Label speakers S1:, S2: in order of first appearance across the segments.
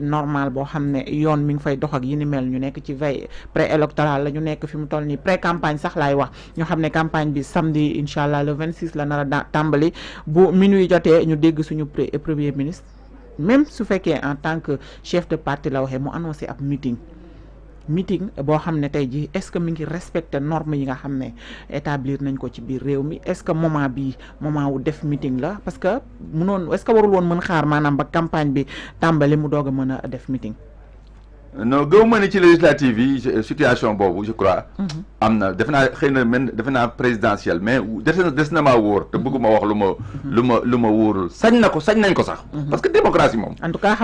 S1: normal boo xam ne yoon mi ngi fay dox ak yi ni mel ñu nekk ci veille pré électoral la ñu nekk fi mu toll nii pré campagne sax laay wax ñu xam ne campagne bi samedi incha allah le 26 la nar a tàmbali bu minuit jotee ñu dégg suñu premier ministre même su fekkee en tant que chef de parti la waxee mu annoncé ab meeting. meeting boo xam ne tey jii est-ce que mi ngi respecter norme yi nga xam ne établir nañ ko ci biir réew mi est-ce que moment bi moment wu def meeting la parce que munoon est-ce que warul woon mën xaar maanaam ba campagne bi tàmbali mu doog a mën a def meeting.
S2: non gëw ma ne ci législative yi situation boobu je crois. Mhm. am na defe naa xëy na man defe naa présidentielle mais des na na maa wóor te bëgguma wax lu ma. Mhm. lu ma lu ma wóorul sañ na ko sañ nañ ko sax. Mhm. parce que démocratie moom. en tout cas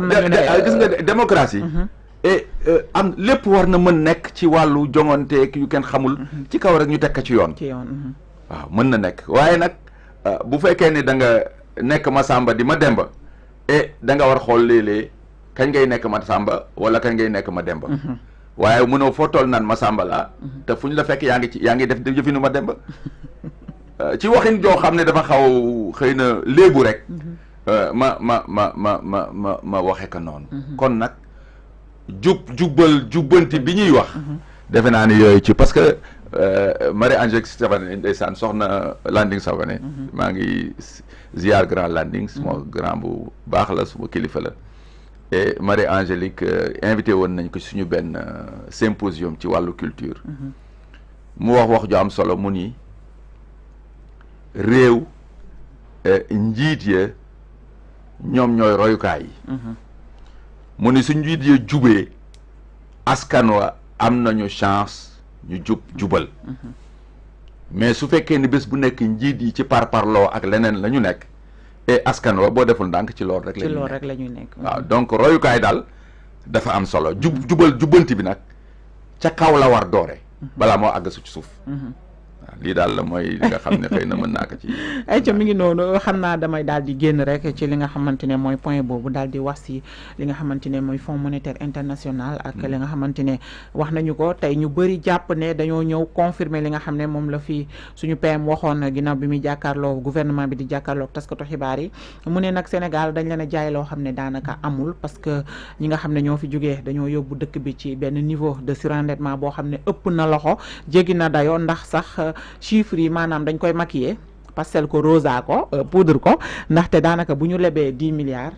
S2: Euh, am lépp war na mën nekk ci wàllu jonganteeg yu kenn xamul. Mm-hmm. ci kaw rek ñu teg ko ci yoon. ci mm-hmm. waaw mën na nekk waaye nag euh, bu fekkee ni da nga nekk Masamba di ma Demba et da nga war xool léeg-léeg kañ ngay nekk ma Masamba wala kañ ngay nekk ma Demba. Mm-hmm. waaye mënoo foo toll naan ma Masamba laa. te fu ñu la fekk yaa ngi ci yaa ngi def jëfinu ma Demba euh, ci waxin joo xam ne dafa xaw xëy na léebu rek. ma ma ma ma ma ma waxe ko noonu. kon nag. jub jubbal jubbanti bi ñuy wax mhm. defe naa ni yooyu ci parce que euh, Marie-Angèle de ndeysaan soxna Landing Savané mhm. maa ngi ziar grand Landing suma mhm. grand bu baax la suma kilifa la et Marie-Angélique euh, invité woon nañ ko suñu benn euh, symposium ci wàllu culture mu wax wax ju am solo mu ni réew njiit ya ñoom ñooy royukaay yi mu ni su njiit ya jubee askan wa am nañu chance ñu jub jubal mm-hmm. mais su fekkee ni bés bu nekk njiit yi ci parparloo ak leneen la ñu nekk et askan wa boo deful ndànk ci loolu rek la nekk rek la
S1: ñu nekk waaw donc royukaay daal
S2: dafa am solo jub jubal jubbanti bi nag ca kaw la war doore mm-hmm. balaa moo àgg ci suuf mm-hmm. lii daal la mooy li nga xam ne xëy na mën naa ko ci.
S1: xam naa damay daal di génn rek ci li nga xamante ne mooy point boobu daal di wax si li nga xamante ne mooy fonds monétaire international. ak hmm. li nga xamante ne wax nañu ko tey ñu bëri jàpp ne dañoo ñëw confirmer li nga xam ne moom la fi suñu PM waxoon ginnaaw bi muy jàkkaarloo gouvernement bi di jàkkaarloo taskatu xibaar yi. mu ne nag Sénégal dañ leen jaay loo xam ne daanaka amul parce que ñi nga xam ne ñoo fi jógee dañoo yóbbu dëkk bi ci benn niveau de surendettement boo xam ne ëpp na loxo jéggi na dayoo ndax sax chiffres yi maanaam dañ koy maquiller pastel ko rosa ko euh, poudre ko ndaxte daanaka bu ñu lebee dix milliards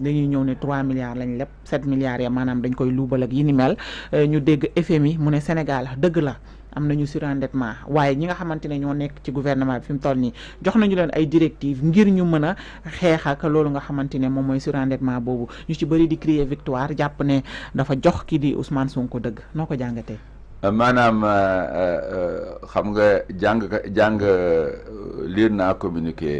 S1: dañuy ñëw ne trois milliards lañ leb set milliards ya maanaam dañ koy luubal ak yi ni mel euh, ñu dégg FMI mu ne Sénégal dëgg la am nañu surendettement waaye ñi nga xamante ne ñoo nekk ci gouvernement bi fi mu toll nii jox nañu leen ay directives ngir ñu mën a xeex ak loolu nga xamante ne moom mooy surendettement boobu ñu ci bëri di crier victoire jàpp ne dafa jox kii di Ousmane Sonko dëgg noo ko jàngatee.
S2: Euh, maanaam euh, euh, xam nga jàng jàng liir naa communiqué.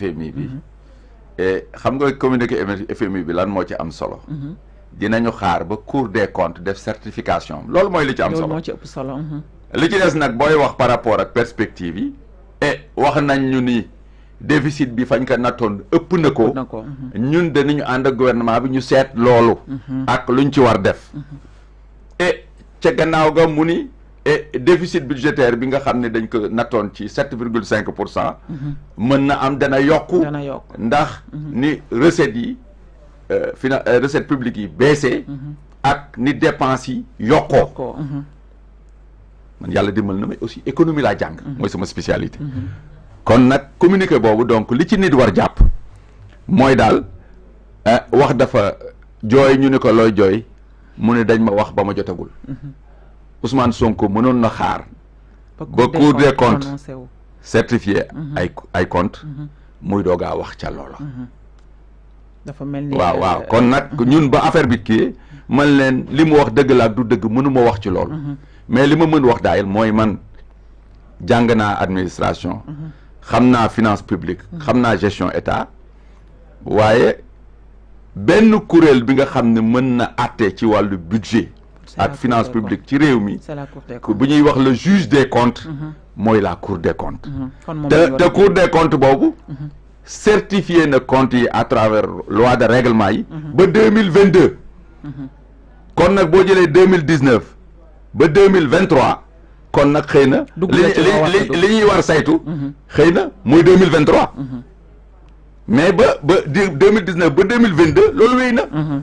S2: FMI bi mm-hmm. xam nga communiqué FMI bi lan moo ci am solo. Mm-hmm. dinañu xaar ba Cour de comptes def certification loolu mooy li ci am solo
S1: ci ëpp solo. Mm-hmm.
S2: li ci des nag booy wax par rapport ak perspective yi. et wax nañ ñu ni déficit bi fañ ko nattoon ëpp na ko. ñun danañu ànd ak gouvernement bi ñu seet loolu. ak ñu ci war def. et ca gannaaw ga mu ni et déficit budgétaire bi nga xam ne dañ ko nattoon ci sept virgule cinq pour cent mhm. mën na am dana yokku ndax mhm. ni recettes yi euh, fina euh, recettes publiques yi baissé mhm. ak ni dépenses yi yokkoo man yàlla dimbal na may aussi économie laa jàng mooy sama spécialité kon nag communiqué boobu donc li ci nit war jàpp mooy daal euh, wax dafa jooy ñu ne ko looy jooy mu dañ ma wax ba jotagul mhm. Ousmane Sonko mënoon na xaar ba cour des comptes certifié mhm. ay ay compte mhm. muy doga wax ca lolo
S1: dafa melni waaw waaw euh, kon nak ñun
S2: ba affaire bi ki man len limu wax deug la du dëgg mënuma wax ci lolo mais li mënu wax daayil moy man administration xamna finance publique xamna gestion état waye benn kuréel bi nga xam ne mën na ci budget finance publique ci
S1: le
S2: juge des comptes mm-hmm. mooy la cour des comptes
S3: mm-hmm. La cour des comptes boobu
S2: mm-hmm. certifié comptes à travers loi de règlement yi ba 2022, kon nag boo jëlee 2019 mais ba ba 2019 ba 2022 mille weyna deux loolu wéy na. Mhm.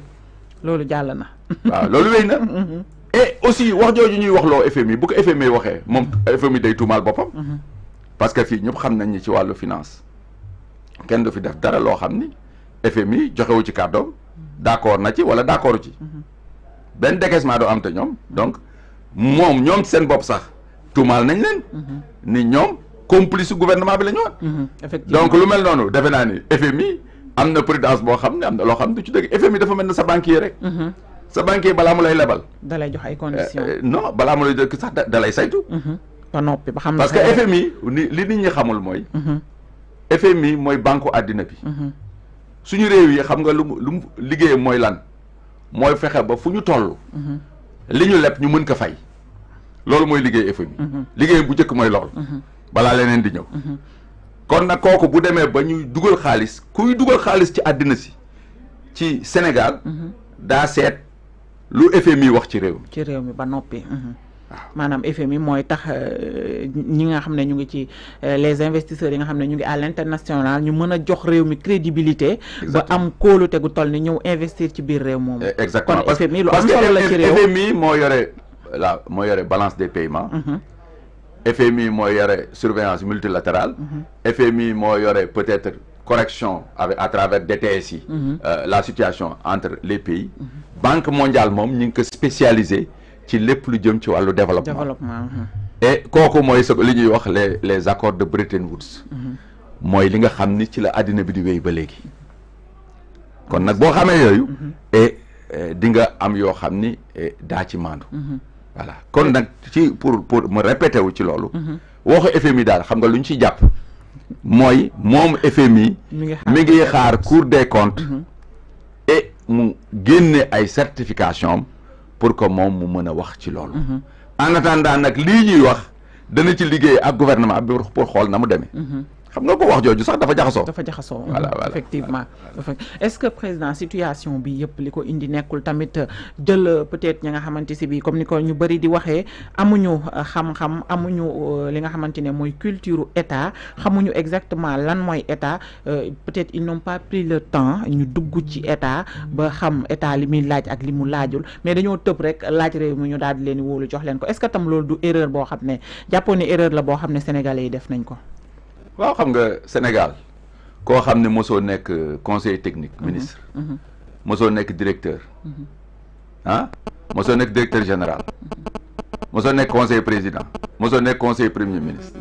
S1: loolu jàll na. Mhm.
S2: et aussi wax jooju ñuy wax lo FMI bu ko FMI waxe mom FMI day tuumaal boppam. Mhm. parce que fi ñëpp xam nañ ni ci walu finance kenn do fi def dara lo xamni ni FMI joxewu ci cardom d'accord na ci wala d'accord ci ben décaissement do am te ñom donc mom ñom seen bop sax tuumaal nañ leen ni ñom complice gouvernement bi la ñu woon. Mhm, effectivement donc lu mel noonu defe naa ni FMI am na prudence boo xam ne am na loo xam ne du ci dëgg FMI dafa mel ne sa banquier rek. Mhm. sa banquier balaa mu lay lebal.
S1: da lay jox ay conditions. Euh,
S2: euh, non balaa mu lay jox sax da lay saytu.
S1: Mhm. ba noppi ba xam parce que FMI
S2: li nit ñi xamul mooy. FMI mooy banque àddina bi. suñu réew yi xam nga lu mu lu mu liggéeyam mooy lan mooy fexe ba fu ñu toll. li ñu leb ñu mën ko fay. loolu mooy liggéey FMI. bu njëkk mooy lool. balaa leneen di ñëw. kon nag kooku bu demee ba ñuy dugal xaalis kuy dugal xaalis ci àddina si ci Sénégal. daa seet lu FMI wax ci réew mi.
S1: ci réew mi ba noppi. waaw maanaam FMI mooy tax euh, ñi nga xam ne ñu ngi ci euh, les investisseurs yi nga xam ne ñu ngi à l'international ñu mën a jox réew mi crédibilité. ba am kóolute gu toll ni ñëw investir ci biir réew moomu.
S2: Eh, exactement kon FMI lu am solo la ci réew moo yore la moo yore balance des paiements. Mm-hmm. FMI y aurait surveillance multilatérale FMI y aurait peut-être correction à travers DTSI, mhm. euh, la situation entre les pays mhm. banque mondiale nous sommes spécialisés ko spécialisé ci plus lu développement mhm. et kooku mooy li les accords de Bretton Woods mooy li nga xam ni ci la àddina bi di wéy ba léegi kon nag boo et di nga am de voilà kon nak ci pour pour me répéter wu ci lolu mhm. waxu FMI dal xam nga luñ ci japp moy mom FMI. mi ngi xaar cour des comptes. Mhm. et mu génne ay certification pour que mom mu meuna wax ci lolu mhm. en attendant nak lii ñuy wax dana ci liggéey ak gouvernement bi pour xol na mu démé xam nga ko wax jooju sax dafa jaxasoo. dafa
S1: jaxasoo effectivement. est ce que président situation bi yëpp li ko indi nekkul tamit jël peut être ñi nga xamante si bi comme ni ko ñu bëri di waxee amuñu euh, xam-xam amuñu euh, li nga xamante ne mooy culture état xamuñu exactement lan mooy état euh, peut être ils n'ont pas pris le temps ñu dugg ci état ba xam état li muy laaj ak li mu laajul mais dañoo tëb rek laaj réew mi ñu daal di leen wóolu jox leen ko est ce que tam loolu du erreur boo xam ne jàppoon ne erreur la boo xam ne sénégalais yi def nañ ko
S2: waaw xam nga Sénégal koo xam ne mosoo nekk euh, conseil technique mhm. ministre mhm. mosoo nekk directeur ah mosoo nekk directeur général mosoo nekk conseil président mosoo nekk conseil premier ministre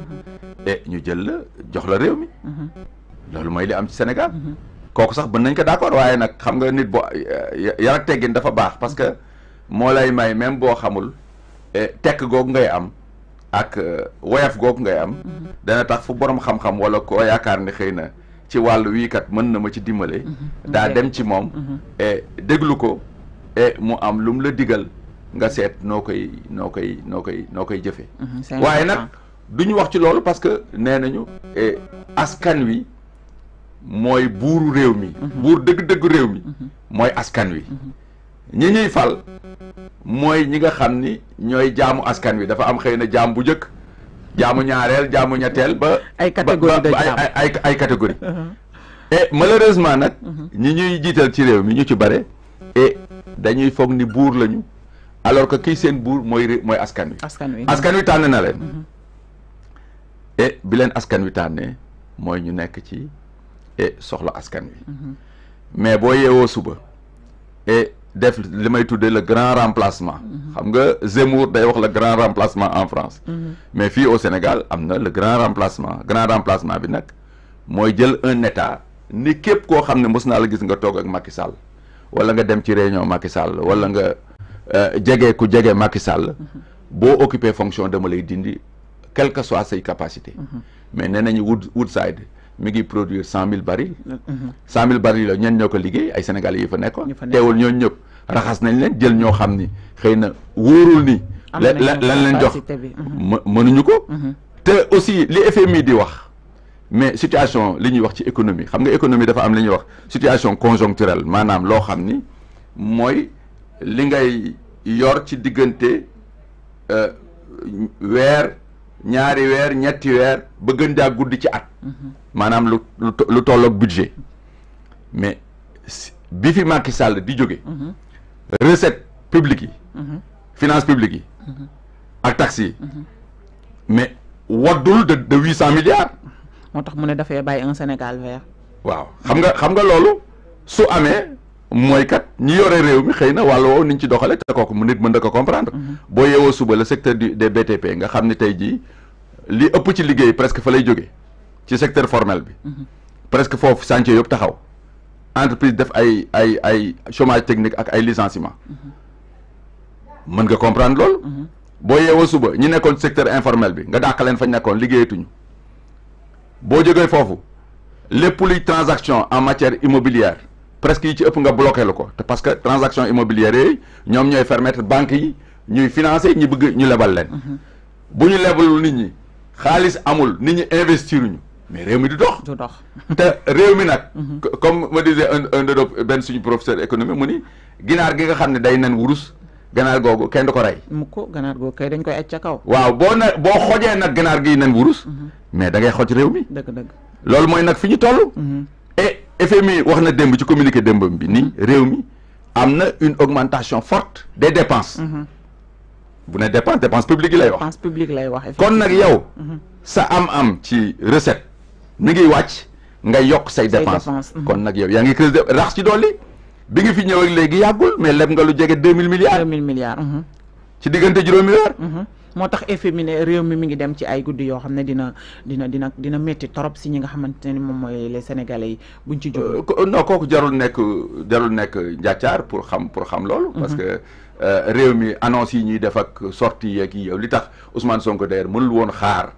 S2: et ñu jël la jox la réew mi loolu mooy li am ci Sénégal kooku sax bën nañ ko d'accord waaye nag xam nga nit boo yar ak teggin dafa baax parce que moo lay may même boo xamul tekk googu ngay am ak euh, woyaf googu ngay am dana tax fu boroom xam-xam wala koo yaakaar ne xëy na ci wàllu wii kat mën na ma ci dimbale mhm. Mhm. daa dem ci moom mhm. déglu ko mu am lu mu la digal nga seet noo koy noo koy noo koy noo koy jëfee waaye nag duñu wax ci loolu parce que nee nañu askan wi mooy buur réew mi buur dëgg-dëgg réew mi mooy askan wi ñi ñuy fal mooy ñi nga xam ni ñooy jaamu askan wi dafa am xëy na jaam bu njëkk jaamu ñaareel jaamu ñetteel ba. ay catégorie de jaam uh-huh. nag. Uh-huh. ñi ñuy jiital ci réew mi ñu ci bare. dañuy foog ni buur lañu alors que kii seen buur mooy mooy askan wi. askan wi askan wi tànn na leen. Uh-huh. bi leen askan wi tànnee mooy ñu nekk ci et soxla askan wi. mais boo yeewoo suba et. def li may tuddee le grand remplacement mhm. xam nga Zemmour day wax le grand remplacement en France mhm. mais fi au Sénégal amna le grand remplacement grand remplacement bi nak moy jël un état ni képp ko xamné ne la gis nga tok ak Macky Sall wala nga dem ci réunion Macky Sall wala nga djégé euh, ku djégé Macky Sall mhm. bo occuper fonction dama lay dindi quelle que soit ses capacités mais nee nañu Wood Woodside mi ngi produire cent mille barils. Mhm. cent mille barils la ñoo ko liggéey ay sénégalais yi fa nekkoon. teewul ñoo ñëpp raxas nañ leen jël ñoo xam ni xëy na wóorul ni. lan leen jox
S3: mhm. mënuñu ko. Mhm.
S2: te aussi li FMI di wax mais situation li ñuy wax ci économie xam nga économie dafa am li ñuy wax situation conjoncturelle maanaam loo xam ni mooy li ngay yor ci diggante euh, weer. ñaari weer ñetti weer begenda gën gudd ci at manam mhm. lu lu tolloog budget mhm. mais bi fi Macky Sall di joggé mhm. recette publique yi finance publique yi ak taxi mais wadul de 800 milliards
S1: motax tax mu ne Wow, bay un Sénégal vert
S2: waaw xam nga xam nga lolu su amé moy kat ñi yoré réew mi xeyna na ñu ci doxale té koku mu nit mënd ko comprendre bo yéwo suba le secteur du des BTP nga xamni tay ji li ëpp ci liggéey presque fa lay jógee ci secteur formel bi. Mhm. presque foofu chantier yëpp taxaw entreprise def ay ay ay chômage technique ak ay licenciement mhm. mën nga comprendre loolu. Mhm. boo yeewoo suba ñi nekkoon secteur informel bi nga dàq leen fañ nekkoon liggéeyatuñu boo jógee foofu lépp luy transaction en matière immobilière presque yi ci ëpp nga bloqué lu ko te parce que transaction immobilière yooyu ñoom ñooy permettre banques yi ñuy financer ñi bëgg ñu lebal leen. bu ñu lebalul nit ñi xaalis amul nit ñi investir mais réew mi du dox. du dox te réew mi nag. Mhm. comme ma disais un un de benn suñu professeur économie mu ni ginaar gi nga xam ne day nan wurus ganaar googu kenn du ko rey.
S1: mu ko ganaar googu kay dañ koy acca kaw. waaw
S2: boo na boo xojee nag ganaar gi nan wurus. Mhm. mais da ngay xoj réew mi. dëgg dëgg loolu mooy nag fi ñu toll. Mhm. et FMI wax na démb ci communiqué démbam bi ni réew mi am na une augmentation forte des dépenses. bu ne dépense dépense publique yi lay wax. dépense
S1: publique lay wax kon nag yow. Mhm.
S2: sa am-am ci recette mi ngi wàcc nga yokk say dépense mhm. kon nag yow yaa ngi crise de rax ci dolli bi nga fi ñëw ak léegi yàggul mais leb nga lu jege deux mille milliards. deux mille milliards. Mhm. ci diggante juróomi weer.
S1: motax tax efféminé réew mi mi ngi dem ci ay guddi yoo xam ne dina dina dina dina métti trop si ñi nga xamante ni moom mooy les
S2: sénégalais yi buñ ci jóg euh, non kooku jarul nekk jarul nekk njàccaar pour xam pour xam loolu mhm. parce que euh, réew mi annonce yi ñuy def ak sortie yeeg yi yow li tax Ousmane Sonko d'ailleurs mënul woon xaar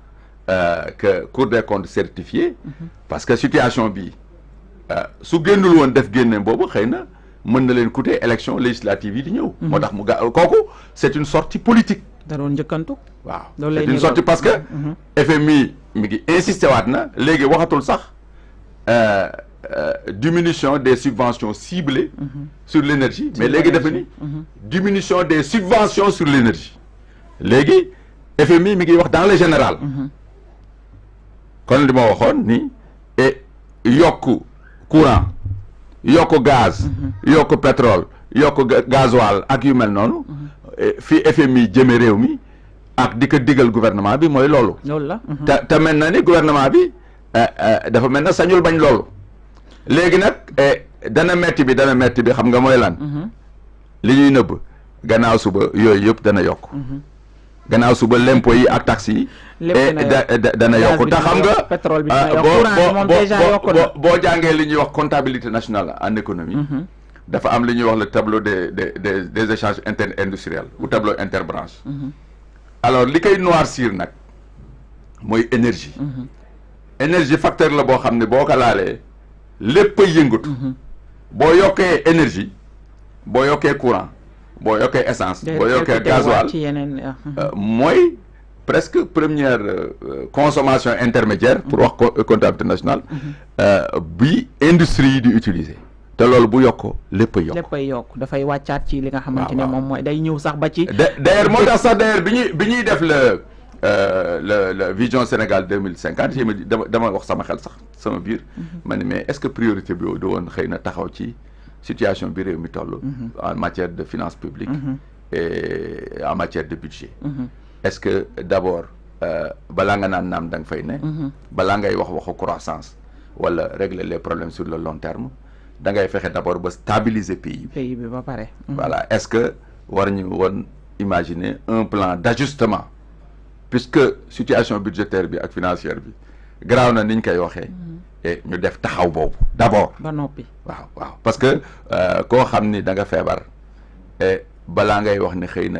S2: euh, que Cour des comptes certifié mhm. parce que situation bi su génnul woon def génne boobu xëy na mën na leen coûter élection législative yi di ñëw mhm. moo tax mu ga kooku c'est une sortie politique da doon waaw lay sorti parce que. Mm-hmm, mm-hmm. FMI mi insisté waat na waxatul sax euh, euh, diminution des subventions ciblées. Mm-hmm. sur l'énergie, mais les dafa ni. diminution des subventions sur l'énergie, les FMI mi wax dans le général. kon li ma waxoon ni et yoko courant yoko gaz. yoko pétrole yoko gasoil ak yu mel noonu. Eh, fi FMI jëme réew mi ak di ko digal gouvernement bi mooy loolu. loolu la mhm. te te mel na ni gouvernement bi eh, eh, dafa mel na sañul bañ loolu. léegi nag dana metti bi dana metti bi xam nga mooy lan. Mhm. li ñuy nëbb gannaaw suba yooyu yëpp dana yokk. Mhm. gannaaw suba l'impôt yi ak taxes yi. dana yokk te xam nga. pétrole ah, boo dina yokk courant bi moom boo boo boo jàngee li ñuy wax comptabilité national en économie. dafa am li wax le tableau des des des échanges inter industriels ou tableau interbranche mhm. alors li koy noircir nak moy énergie mhm. énergie facteur la bo xamné ne laalé ko les pays ay yëngatu mhm. énergie bo yoké courant bo yoké essence bo yoké gasoil ah, moy euh, presque première euh, consommation intermédiaire pour wax comptabilité nationale euh, bi industrie d'utiliser. utiliser te loolu bu yokk lépp a yokk
S1: lépp a yokk dafay wàccaat ci li nga xamanteni mom moy day ñew sax ba ci
S2: d'ailleurs moo sa sax d'ailleurs bi ñuy def le euh, le le vision Sénégal 2050 mille dama wax sama xel sax sama biir mm-hmm. ma mais est-ce que priorité bi do won xeyna taxaw ci situation bi réew mi tollu mm-hmm. en matière de finances publiques mm-hmm. et en matière de budget est-ce que d'abord euh, bala nga naan naam dang fay né bala ngay wax waxu croissance wala régler les problèmes sur le long terme da ngay fexe d'abord ba stabiliser pays pays
S1: bi ba paré mhm.
S2: voilà est ce que war ñu imaginer un plan d'ajustement, puisque situation budgétaire bi ak financière bi graw na niñ ñu koy mhm. et ñu def taxaw boobu d'abord
S1: ba nopi waaw waaw
S2: parce que euh, koo xam ni da nga fébar et balaa ngay wax ni xeyna